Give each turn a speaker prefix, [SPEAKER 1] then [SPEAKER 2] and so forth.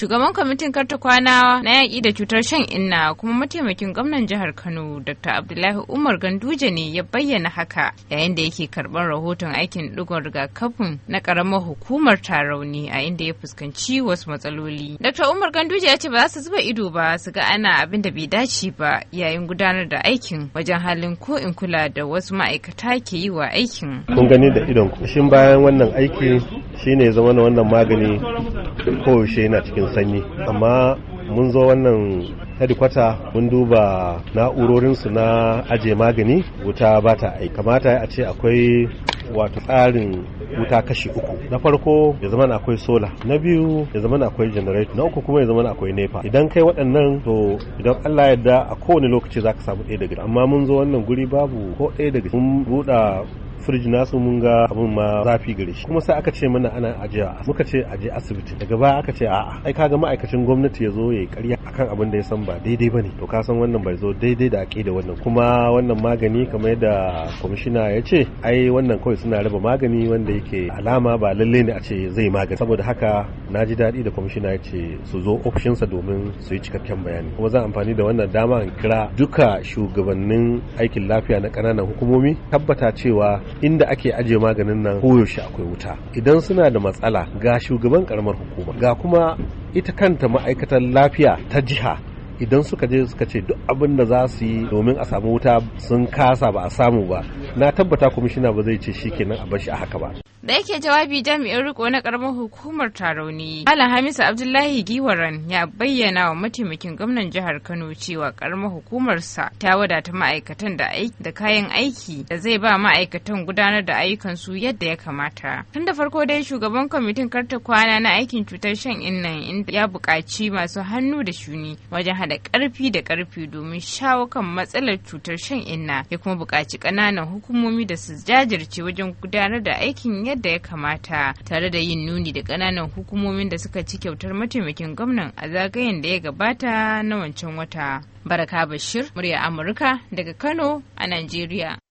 [SPEAKER 1] shugaban kwamitin karta kwana na yaƙi da cutar shan inna kuma mataimakin gwamnan jihar kano dr abdullahi umar ganduje ne ya bayyana haka yayin da yake karɓar rahoton aikin ɗigon rigakafin na ƙaramar hukumar tarauni a inda ya fuskanci wasu matsaloli dr umar ganduje ya ce ba za su zuba ido ba su ga ana abin da bai dace ba yayin gudanar da aikin wajen halin ko in kula da wasu ma'aikata ke yi wa aikin kun gani da
[SPEAKER 2] idon bayan wannan aiki shine zama zama wannan magani koyaushe yana cikin sanyi amma mun zo wannan hedikwata mun duba na'urorinsu na ajiye magani wuta ba ta aiki kamata a ce akwai wato tsarin wuta kashi uku na farko ya zama akwai sola na biyu ya zama akwai generator na uku kuma ya zama akwai nepa idan kai waɗannan to idan Allah ya yarda a kowane lokaci za ka samu ɗaya daga amma mun zo wannan guri babu ko ɗaya daga mun buɗa firij nasu mun ga abun ma zafi gare shi kuma sai aka ce mana ana ajiya muka ce aje asibiti daga baya aka ce a'a ai kaga ma'aikacin gwamnati ya zo ya yi karya akan abin da ya san ba daidai bane to ka san wannan bai zo daidai da ake da wannan kuma wannan magani kamar yadda kwamishina ya ce ai wannan kawai suna raba magani wanda yake alama ba lalle ne a ce zai magani saboda haka na ji daɗi da kwamishina ya ce su zo ofishinsa domin su yi cikakken bayani kuma zan amfani da wannan dama in kira duka shugabannin aikin lafiya na ƙananan hukumomi tabbata cewa inda ake ajiye maganin nan koyaushe akwai wuta idan suna da matsala ga shugaban karamar hukuma ga kuma ita kanta ma'aikatar lafiya ta jiha idan suka je suka ce duk abin da za su yi domin a samu wuta sun kasa ba a samu ba na tabbata kwamishina ba zai ce shi kenan a bashi a haka ba
[SPEAKER 1] da yake jawabi jami'in riko na karamar hukumar tarauni malam hamisu abdullahi giwaran ya bayyana wa mataimakin gwamnan jihar kano cewa karamar hukumarsa ta wadata ma'aikatan da kayan aiki da zai ba ma'aikatan gudanar da ayyukan su yadda ya kamata tun da farko dai shugaban kwamitin karta kwana na aikin cutar shan innan inda ya buƙaci masu hannu da shuni wajen haɗa ƙarfi da ƙarfi domin shawo kan matsalar cutar shan inna ya kuma buƙaci ƙananan hukumomi da su jajirce wajen gudanar da aikin yadda ya kamata tare da yin nuni da ƙananan hukumomin da suka ci kyautar mataimakin gwamnan a zagayen da ya gabata na wancan wata. Baraka Bashir, murya Amurka daga Kano a Najeriya.